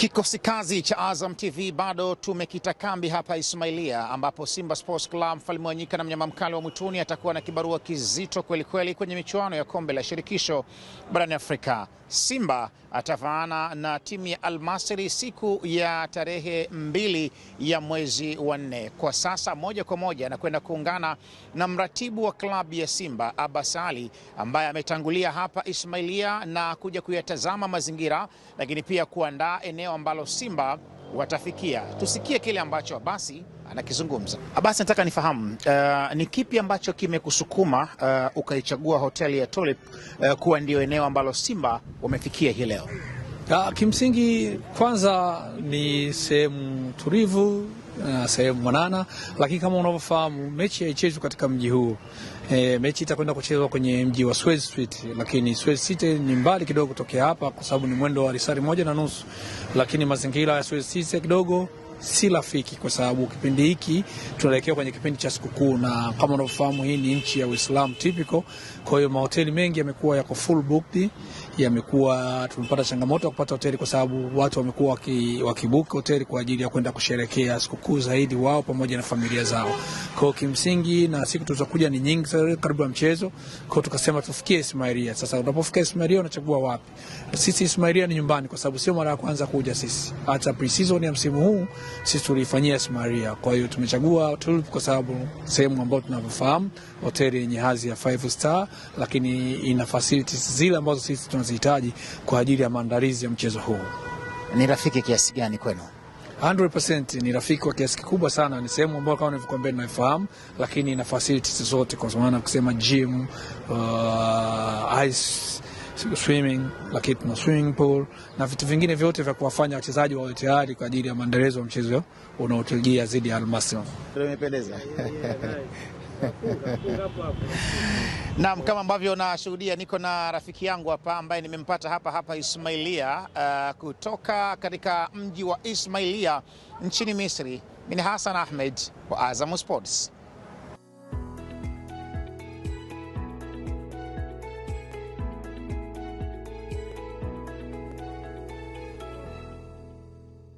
Kikosi kazi cha Azam TV bado tumekita kambi hapa Ismailia, ambapo Simba Sports Club Mfalme Wanyika na mnyama mkali wa mwituni atakuwa na kibarua kizito kwelikweli kweli kwenye michuano ya kombe la shirikisho barani Afrika. Simba atavaana na timu ya Almasri siku ya tarehe mbili ya mwezi wa nne. Kwa sasa moja kwa moja anakwenda kuungana na mratibu wa klabu ya Simba Abbas Ali ambaye ametangulia hapa Ismailia na kuja kuyatazama mazingira, lakini pia kuandaa eneo eneo ambalo Simba watafikia. Tusikie kile ambacho Abasi anakizungumza. Abasi, nataka nifahamu, uh, ni kipi ambacho kimekusukuma uh, ukaichagua hoteli ya Tulip uh, kuwa ndio eneo ambalo Simba wamefikia hii leo? Ya, kimsingi kwanza ni sehemu tulivu na eh, sehemu mwanana, lakini kama unavyofahamu mechi haichezwi katika mji huu. E, mechi itakwenda kuchezwa kwenye mji wa Suez Street, lakini Suez City ni mbali kidogo kutokea hapa kwa sababu ni mwendo wa risari moja na nusu, lakini mazingira ya Suez City kidogo si rafiki kwa sababu kipindi hiki tunaelekea kwenye kipindi cha sikukuu, na kama unavyofahamu hii ni nchi ya Uislamu typical. Kwa hiyo mahoteli mengi yamekuwa yako full booked, yamekuwa tumepata changamoto ya kupata hoteli kwa sababu watu wamekuwa wakibuka hoteli kwa ajili ya kwenda kusherekea sikukuu zaidi wao pamoja na familia zao. Kwa hiyo kimsingi, na siku tulizokuja ni nyingi karibu ya mchezo, kwa hiyo tukasema tufikie Ismailia. Sasa unapofika Ismailia unachagua wapi? Sisi Ismailia ni nyumbani, kwa sababu sio mara ya kwanza kuja sisi. Hata pre-season ya msimu huu sisi tulifanyia Ismailia, kwa hiyo tumechagua Tulip kwa sababu sehemu ambayo tunavyofahamu, hoteli yenye hadhi ya 5 star, lakini ina facilities zile ambazo sisi tunazo tunazihitaji kwa ajili ya maandalizi ya mchezo huu. Ni rafiki kiasi gani kwenu? 100% ni rafiki kwa kiasi kikubwa sana. Ni sehemu ambayo kama nilivyokuambia ninaifahamu, lakini ina facilities zote, kwa maana kusema gym, uh, ice swimming, lakini tuna swimming pool na vitu vingine vyote vya kuwafanya wachezaji wawe tayari kwa ajili ya maendelezo ya mchezo unaotujia zidi ya Al Masry. Naam, kama ambavyo unashuhudia niko na rafiki yangu hapa ambaye nimempata hapa hapa Ismailia, uh, kutoka katika mji wa Ismailia nchini Misri. Mimi ni Hassan Ahmed wa Azam Sports.